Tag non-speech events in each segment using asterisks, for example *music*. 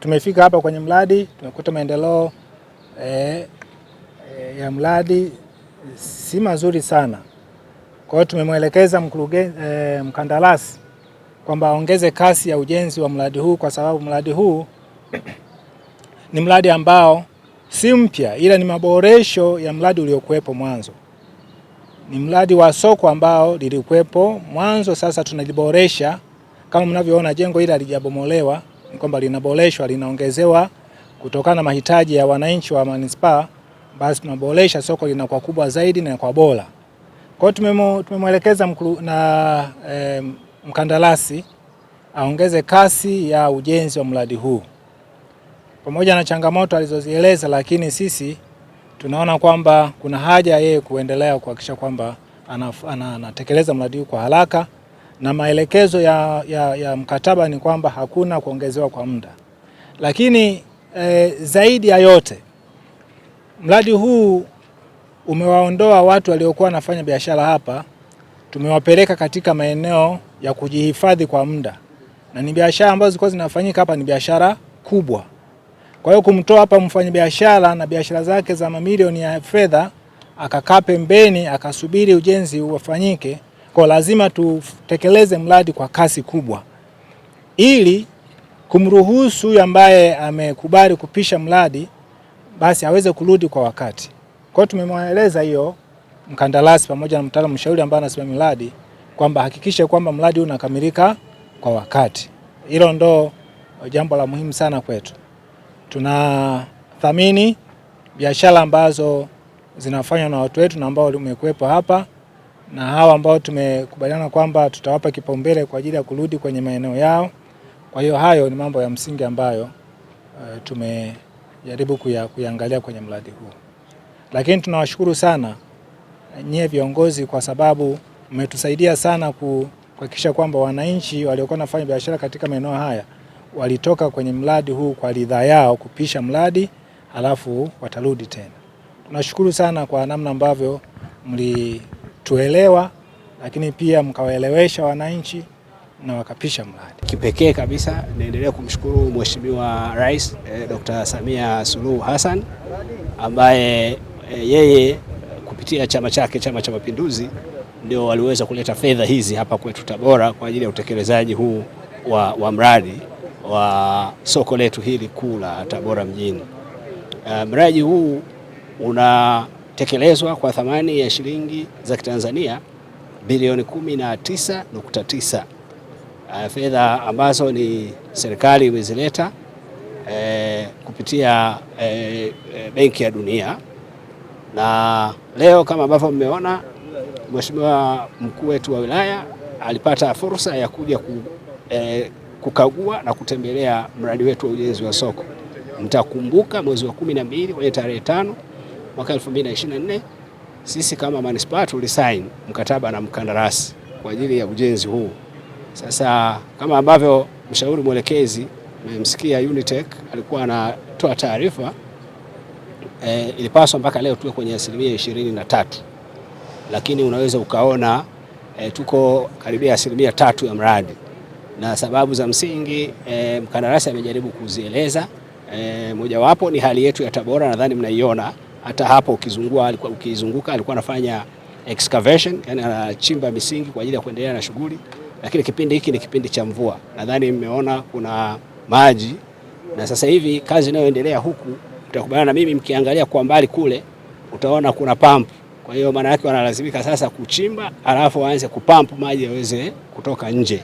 Tumefika hapa kwenye mradi tumekuta maendeleo e, e, ya mradi si mazuri sana. Kwa hiyo tumemwelekeza mkurugenzi e, eh, mkandarasi kwamba aongeze kasi ya ujenzi wa mradi huu kwa sababu mradi huu *clears throat* ni mradi ambao si mpya ila ni maboresho ya mradi uliokuwepo mwanzo. Ni mradi wa soko ambao lilikuwepo mwanzo, sasa tunaliboresha. Kama mnavyoona jengo hili halijabomolewa, ni kwamba linaboreshwa, linaongezewa kutokana na mahitaji ya wananchi wa manispaa, basi tunaboresha soko linakuwa kubwa zaidi na kwa bora. Kwa hiyo tumemwelekeza na e, mkandarasi aongeze kasi ya ujenzi wa mradi huu pamoja na changamoto alizozieleza, lakini sisi tunaona kwamba kuna haja yeye kuendelea kuhakikisha kwamba anatekeleza mradi huu kwa haraka na maelekezo ya, ya, ya mkataba ni kwamba hakuna kuongezewa kwa muda, lakini e, zaidi ya yote mradi huu umewaondoa watu waliokuwa wanafanya biashara hapa, tumewapeleka katika maeneo ya kujihifadhi kwa muda, na ni biashara ambazo zilikuwa zinafanyika hapa, ni biashara kubwa. Kwa hiyo kumtoa hapa mfanyabiashara na biashara zake za mamilioni ya fedha akakaa pembeni akasubiri ujenzi ufanyike kwa lazima tutekeleze mradi kwa kasi kubwa ili kumruhusu huyu ambaye amekubali kupisha mradi basi aweze kurudi kwa wakati. Kwa hiyo tumemweleza hiyo mkandarasi pamoja na mtaalamu mshauri ambaye anasimamia mradi kwamba hakikishe kwamba mradi huu unakamilika kwa wakati. Hilo ndo jambo la muhimu sana kwetu. Tunathamini biashara ambazo zinafanywa na watu wetu na ambao umekuwepo hapa na hawa ambao tumekubaliana kwamba tutawapa kipaumbele kwa ajili ya kurudi kwenye maeneo yao. Kwa hiyo hayo ni mambo ya msingi ambayo uh, tumejaribu kuyaangalia kwenye mradi huu, lakini tunawashukuru sana eh, nyie viongozi kwa sababu mmetusaidia sana kuhakikisha kwamba wananchi waliokuwa wanafanya biashara katika maeneo haya walitoka kwenye mradi huu kwa ridhaa yao kupisha mradi, halafu watarudi tena. Tunashukuru sana kwa namna ambavyo mli tuelewa lakini pia mkawaelewesha wananchi na wakapisha mradi. Kipekee kabisa naendelea kumshukuru Mheshimiwa Rais eh, Dr. Samia Suluhu Hassan ambaye eh, yeye eh, kupitia chama chake Chama cha Mapinduzi ndio waliweza kuleta fedha hizi hapa kwetu Tabora kwa ajili ya utekelezaji huu wa, wa mradi wa soko letu hili kuu la Tabora mjini. Uh, mradi huu una tekelezwa kwa thamani ya shilingi za Kitanzania bilioni 19.9, uh, ah, fedha ambazo ni serikali imezileta eh, kupitia eh, eh, Benki ya Dunia, na leo kama ambavyo mmeona Mheshimiwa mkuu wetu wa wilaya alipata fursa ya kuja ku, eh, kukagua na kutembelea mradi wetu wa ujenzi wa soko. Mtakumbuka mwezi wa kumi na mbili kwenye tarehe tano mwaka 2024 sisi kama manispaa tulisain mkataba na mkandarasi kwa ajili ya ujenzi huu. Sasa kama ambavyo mshauri mwelekezi mmemsikia Unitec alikuwa anatoa taarifa e, ilipaswa mpaka leo tuwe kwenye asilimia ishirini na tatu lakini unaweza ukaona e, tuko karibia asilimia tatu ya mradi, na sababu za msingi e, mkandarasi amejaribu kuzieleza. E, mojawapo ni hali yetu ya Tabora, nadhani mnaiona. Hata hapo ukizungua, ukizunguka alikuwa anafanya excavation, yani anachimba misingi kwa ajili ya kuendelea na shughuli, lakini kipindi hiki ni kipindi cha mvua, nadhani mmeona kuna maji na sasa hivi kazi inayoendelea huku, mtakubaliana na mimi, mkiangalia kwa mbali kule utaona kuna pump. Kwa hiyo maana yake wanalazimika sasa kuchimba alafu waanze kupampu maji yaweze kutoka nje.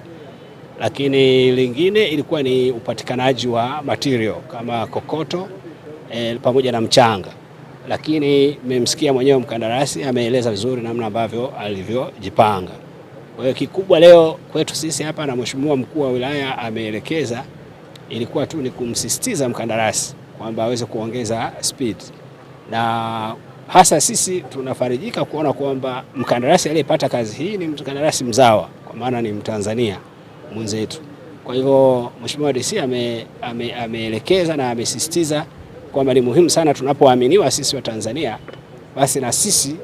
Lakini lingine ilikuwa ni upatikanaji wa material kama kokoto eh, pamoja na mchanga lakini mmemsikia mwenyewe mkandarasi ameeleza vizuri namna ambavyo alivyojipanga. Kwa hiyo kikubwa leo kwetu sisi hapa na mheshimiwa mkuu wa wilaya ameelekeza, ilikuwa tu ni kumsisitiza mkandarasi kwamba aweze kuongeza speed, na hasa sisi tunafarijika kuona kwamba mkandarasi aliyepata kazi hii ni mkandarasi mzawa, kwa maana ni Mtanzania mwenzetu. Kwa hivyo mheshimiwa DC ame, ame, ameelekeza na amesisitiza kwamba ni muhimu sana tunapoaminiwa sisi wa Tanzania, basi na sisi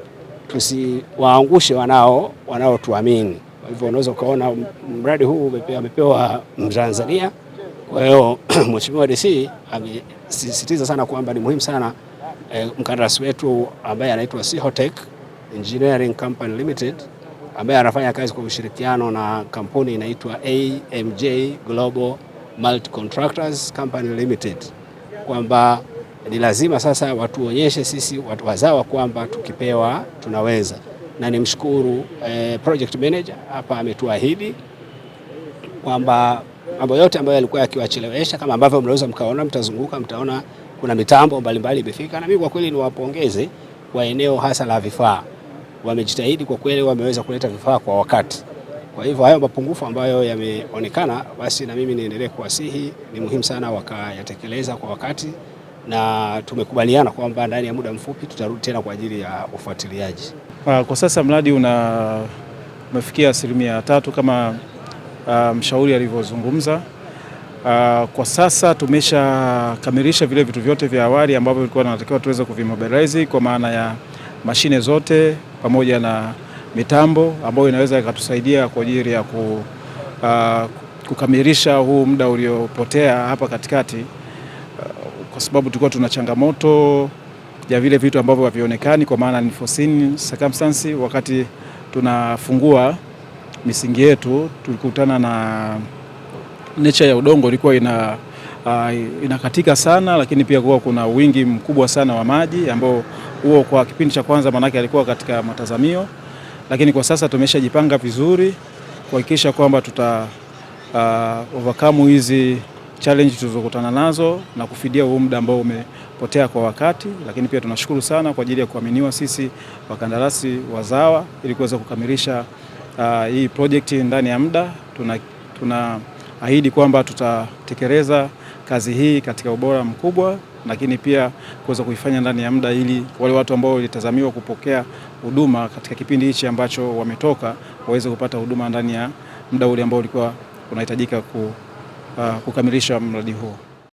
tusiwaangushe wanao wanaotuamini. Kwa hivyo unaweza ukaona mradi huu amepewa Mtanzania. Kwa hiyo *clears throat* Mheshimiwa DC amesisitiza sana kwamba ni muhimu sana e, mkandarasi wetu ambaye anaitwa Sihotech Engineering Company Limited ambaye anafanya kazi kwa ushirikiano na kampuni inaitwa AMJ Global Multi Contractors Company Limited kwamba ni lazima sasa watuonyeshe sisi watu wazawa kwamba tukipewa tunaweza, na nimshukuru eh, project manager hapa ametuahidi kwamba mambo yote ambayo yalikuwa yakiwachelewesha, kama ambavyo mnaweza mkaona, mtazunguka mtaona kuna mitambo mbalimbali imefika, na mimi kwa kweli niwapongeze wa eneo hasa la vifaa, wamejitahidi kwa kweli, wameweza kuleta vifaa kwa wakati. Kwa hivyo hayo mapungufu ambayo yameonekana, basi na mimi niendelee kuwasihi, ni muhimu sana wakayatekeleza kwa wakati na tumekubaliana kwamba ndani ya muda mfupi tutarudi tena kwa ajili ya ufuatiliaji. Ah, kwa sasa mradi una umefikia asilimia tatu kama ah, mshauri alivyozungumza. Uh, kwa sasa tumeshakamilisha vile vitu vyote vya awali ambavyo vilikuwa natakiwa tuweze kuvimobilize kwa maana ya mashine zote pamoja na mitambo ambayo inaweza ikatusaidia kwa ajili ya ku, uh, kukamilisha huu muda uliopotea hapa katikati kwa sababu tulikuwa tuna changamoto ya vile vitu ambavyo havionekani kwa maana unforeseen circumstances. Wakati tunafungua misingi yetu tulikutana na nature ya udongo ilikuwa ina uh, inakatika sana, lakini pia kuwa kuna wingi mkubwa sana wa maji ambao huo kwa kipindi cha kwanza manake alikuwa katika matazamio, lakini kwa sasa tumeshajipanga vizuri kuhakikisha kwamba tuta uh, overcome hizi challenge tulizokutana nazo na kufidia huo muda ambao umepotea kwa wakati, lakini pia tunashukuru sana kwa ajili ya kuaminiwa sisi wakandarasi wazawa ili kuweza kukamilisha uh, hii project ndani ya muda. Tuna, ahidi kwamba tutatekeleza kazi hii katika ubora mkubwa, lakini pia kuweza kuifanya ndani ya muda ili wale watu ambao walitazamiwa kupokea huduma katika kipindi hichi ambacho wametoka waweze kupata huduma ndani ya muda ule ambao ulikuwa unahitajika ku Uh, kukamilisha mradi huo.